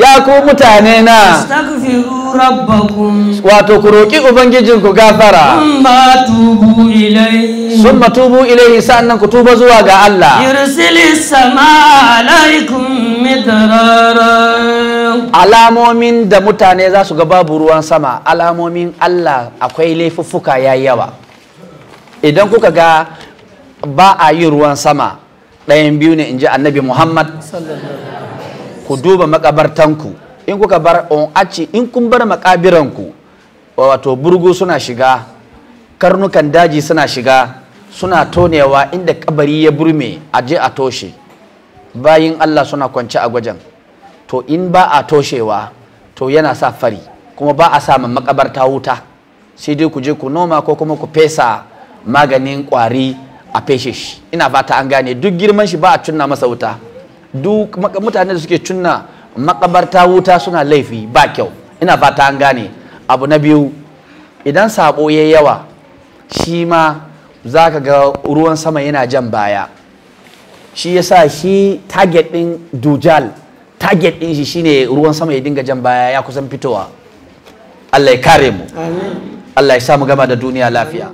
ya ku mutane na wato ku roƙi ubangijinku gafara sun matubu sa'an nan ku tuba zuwa ga Allah alamomin da mutane za su ga babu ruwan sama alamomin Allah akwai laifuffuka ya yawa idan kuka ga ba a yi ruwan sama ɗayan biyu ne in ji annabi muhammad ku duba makabartanku in kuka bar aci in kun bar makabiranku wato burgu suna shiga karnukan daji suna shiga suna tonewa inda kabari ya burme a je a toshe bayin allah suna kwance a gwajen to in ba a toshewa to yana sa fari kuma ba a samun makabarta wuta sai dai ku je ku noma ko kuma ku fesa maganin kwari a feshe shi ina fata an gane duk girman shi ba a cunna masa wuta duk mutane da suke cunna makabarta wuta suna laifi ba kyau ina fata an gane abu na biyu idan sabo ya yawa shi ma za ka ga ruwan sama yana jan baya shi ya sa shi target ɗin dujal target ɗin shi shine ruwan sama ya dinga jan baya ya kusan fitowa Allah ya kare mu Allah ya sa mu gama da duniya lafiya